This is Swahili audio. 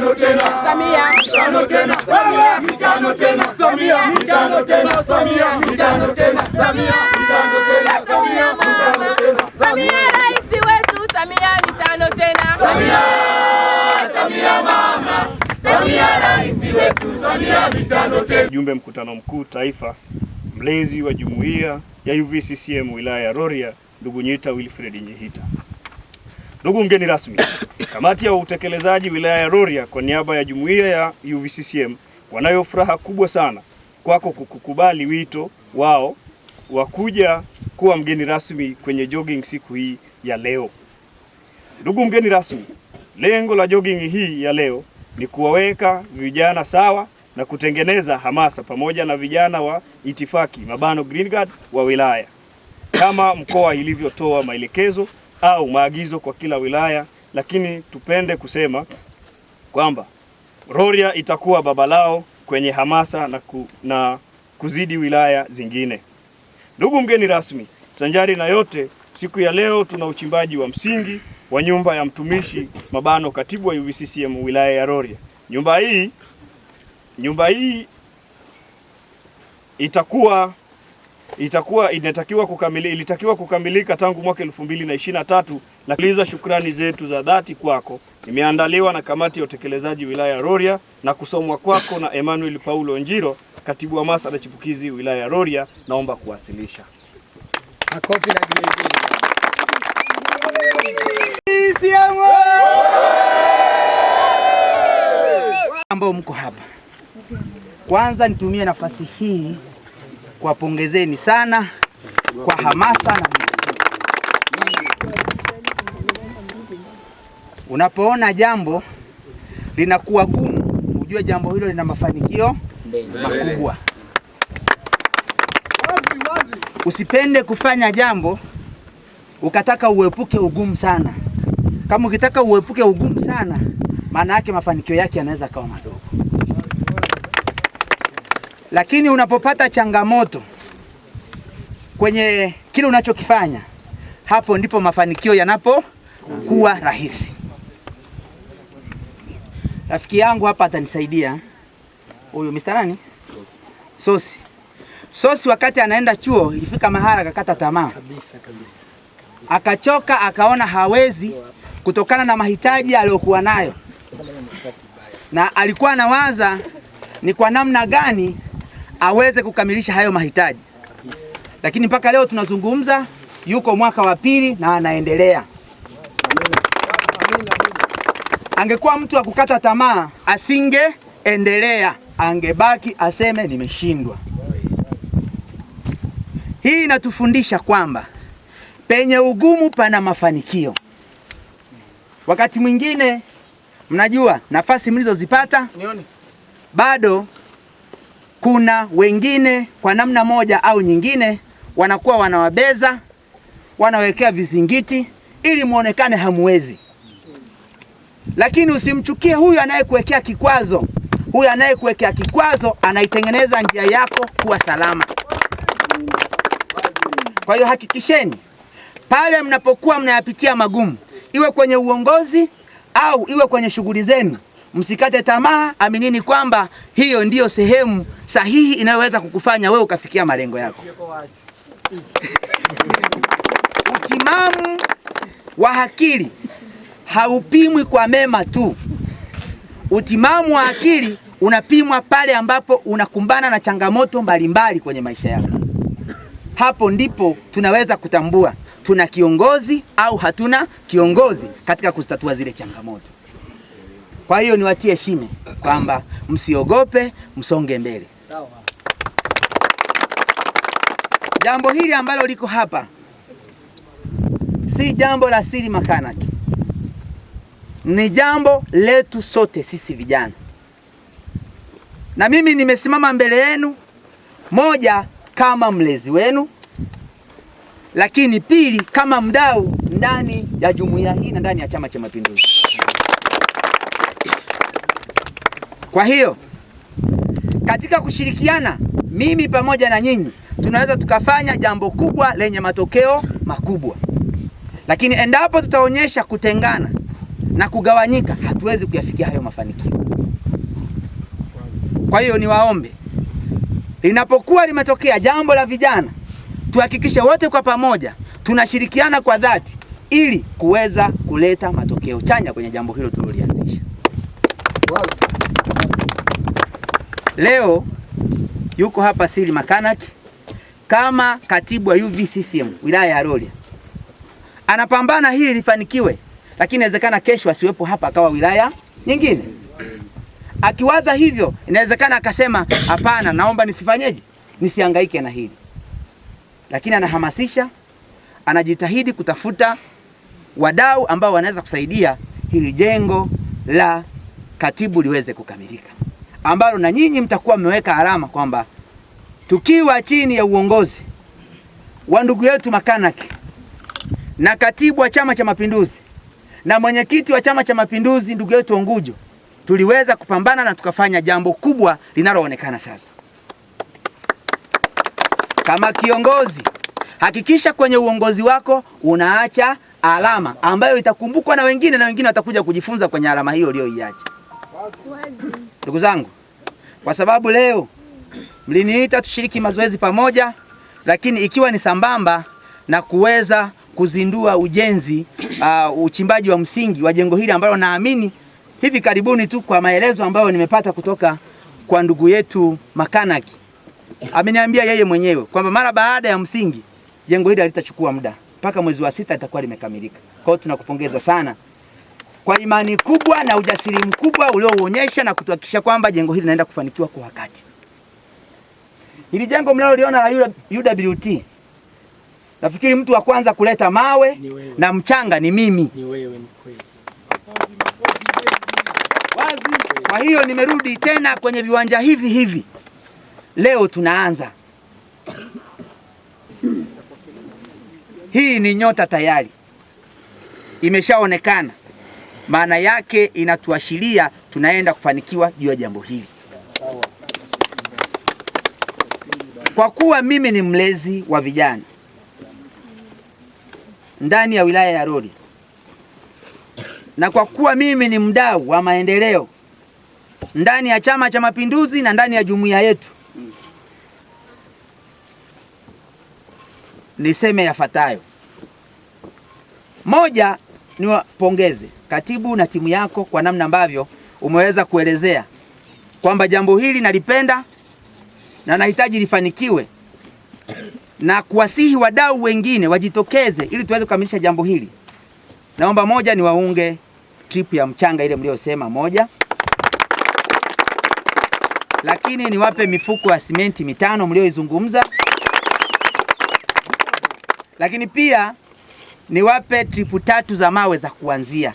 mitano tena Samia, mitano tena Samia, mitano tena Samia, mitano tena Samia, mitano tena Samia, mitano tena Samia, mitano tena Samia, rais wetu Samia, mitano tena Samia, Samia mama, Samia rais wetu Samia, mitano tena. Jumbe mkutano mkuu taifa, mlezi wa jumuiya ya UVCCM wilaya ya Rorya, ndugu Nyita Wilfred Nyihita Ndugu mgeni rasmi, kamati ya utekelezaji wilaya ya Rorya kwa niaba ya jumuiya ya UVCCM wanayo furaha kubwa sana kwako kukubali wito wao wa kuja kuwa mgeni rasmi kwenye jogging siku hii ya leo. Ndugu mgeni rasmi, lengo la jogging hii ya leo ni kuwaweka vijana sawa na kutengeneza hamasa pamoja na vijana wa itifaki mabano Green Guard wa wilaya kama mkoa ilivyotoa maelekezo au maagizo kwa kila wilaya, lakini tupende kusema kwamba Rorya itakuwa baba lao kwenye hamasa na, ku, na kuzidi wilaya zingine. Ndugu mgeni rasmi, sanjari na yote, siku ya leo tuna uchimbaji wa msingi wa nyumba ya mtumishi mabano katibu wa UVCCM wilaya ya Rorya. Nyumba hii nyumba hii itakuwa itakuwa inatakiwa kukamili, ilitakiwa kukamilika tangu mwaka elfu mbili na ishirini na tatu. shukrani zetu za dhati kwako. Imeandaliwa na kamati ya utekelezaji wilaya ya Rorya na kusomwa kwako na Emmanuel Paulo Njiro, katibu wa masa na chipukizi wilaya ya Rorya. Naomba kuwasilisha makofi na ambao mko hapa. Kwanza nitumie nafasi hii kuwapongezeni sana kwa hamasa na unapoona jambo linakuwa gumu, ujue jambo hilo lina mafanikio makubwa. Usipende kufanya jambo ukataka uepuke ugumu sana. Kama ukitaka uepuke ugumu sana, maana yake mafanikio yake yanaweza kawa madogo. Lakini unapopata changamoto kwenye kile unachokifanya, hapo ndipo mafanikio yanapokuwa rahisi. Rafiki yangu hapa atanisaidia huyu Mr. nani? Sosi. Sosi wakati anaenda chuo ilifika mahala akakata tamaa kabisa, kabisa. Akachoka, akaona hawezi kutokana na mahitaji aliyokuwa nayo, na alikuwa anawaza ni kwa namna gani aweze kukamilisha hayo mahitaji, lakini mpaka leo tunazungumza, yuko mwaka wa pili na anaendelea. Angekuwa mtu wa kukata tamaa, asingeendelea, angebaki aseme nimeshindwa. Hii inatufundisha kwamba penye ugumu pana mafanikio. Wakati mwingine mnajua nafasi mlizozipata bado kuna wengine kwa namna moja au nyingine wanakuwa wanawabeza, wanawekea vizingiti ili muonekane hamwezi. Lakini usimchukie huyu anayekuwekea kikwazo. Huyu anayekuwekea kikwazo anaitengeneza njia yako kuwa salama. Kwa hiyo hakikisheni pale mnapokuwa mnayapitia magumu, iwe kwenye uongozi au iwe kwenye shughuli zenu Msikate tamaa, aminini kwamba hiyo ndiyo sehemu sahihi inayoweza kukufanya wewe ukafikia malengo yako. Utimamu wa akili haupimwi kwa mema tu. Utimamu wa akili unapimwa pale ambapo unakumbana na changamoto mbalimbali mbali kwenye maisha yako. Hapo ndipo tunaweza kutambua tuna kiongozi au hatuna kiongozi katika kuzitatua zile changamoto. Kwa hiyo niwatie shime kwamba msiogope, msonge mbele. Jambo hili ambalo liko hapa si jambo la siri Makanaki, ni jambo letu sote sisi vijana, na mimi nimesimama mbele yenu, moja kama mlezi wenu, lakini pili kama mdau ndani ya jumuiya hii na ndani ya Chama cha Mapinduzi. Kwa hiyo katika kushirikiana, mimi pamoja na nyinyi tunaweza tukafanya jambo kubwa lenye matokeo makubwa, lakini endapo tutaonyesha kutengana na kugawanyika, hatuwezi kuyafikia hayo mafanikio. Kwa hiyo niwaombe, linapokuwa limetokea jambo la vijana, tuhakikishe wote kwa pamoja tunashirikiana kwa dhati ili kuweza kuleta matokeo chanya kwenye jambo hilo tulilolianzisha. Leo yuko hapa Sili Makanaki kama katibu wa UVCCM wilaya ya Rorya, anapambana hili lifanikiwe, lakini inawezekana kesho asiwepo hapa akawa wilaya nyingine. Akiwaza hivyo, inawezekana akasema hapana, naomba nisifanyeje, nisihangaike na hili, lakini anahamasisha, anajitahidi kutafuta wadau ambao wanaweza kusaidia hili jengo la katibu liweze kukamilika ambalo na nyinyi mtakuwa mmeweka alama kwamba tukiwa chini ya uongozi wa ndugu yetu Makanaki na katibu wa Chama cha Mapinduzi na mwenyekiti wa Chama cha Mapinduzi ndugu yetu Ongujo tuliweza kupambana na tukafanya jambo kubwa linaloonekana sasa. Kama kiongozi, hakikisha kwenye uongozi wako unaacha alama ambayo itakumbukwa na wengine na wengine watakuja kujifunza kwenye alama hiyo uliyoiacha ndugu zangu, kwa sababu leo mliniita tushiriki mazoezi pamoja, lakini ikiwa ni sambamba na kuweza kuzindua ujenzi uh, uchimbaji wa msingi wa jengo hili ambalo naamini hivi karibuni tu, kwa maelezo ambayo nimepata kutoka kwa ndugu yetu Makanaki, ameniambia yeye mwenyewe kwamba mara baada ya msingi jengo hili litachukua muda mpaka mwezi wa sita litakuwa limekamilika. Kwa hiyo tunakupongeza sana kwa imani kubwa na ujasiri mkubwa uliouonyesha na kutuhakikisha kwamba jengo hili linaenda kufanikiwa kwa wakati. Hili jengo mnaloliona la UWT, nafikiri mtu wa kwanza kuleta mawe na mchanga ni mimi. Ni wewe, ni kweli. Kwa hiyo nimerudi tena kwenye viwanja hivi hivi, leo tunaanza. Hii ni nyota tayari imeshaonekana maana yake inatuashiria tunaenda kufanikiwa juu ya jambo hili. Kwa kuwa mimi ni mlezi wa vijana ndani ya wilaya ya roli na kwa kuwa mimi ni mdau wa maendeleo ndani ya Chama cha Mapinduzi na ndani ya jumuiya yetu, niseme yafuatayo: moja, niwapongeze katibu na timu yako kwa namna ambavyo umeweza kuelezea kwamba jambo hili nalipenda na nahitaji lifanikiwe, na kuwasihi wadau wengine wajitokeze ili tuweze kukamilisha jambo hili. Naomba moja, ni waunge trip ya mchanga ile mliyosema moja, lakini niwape mifuko ya simenti mitano mlioizungumza, lakini pia niwape tripu tatu za mawe za kuanzia.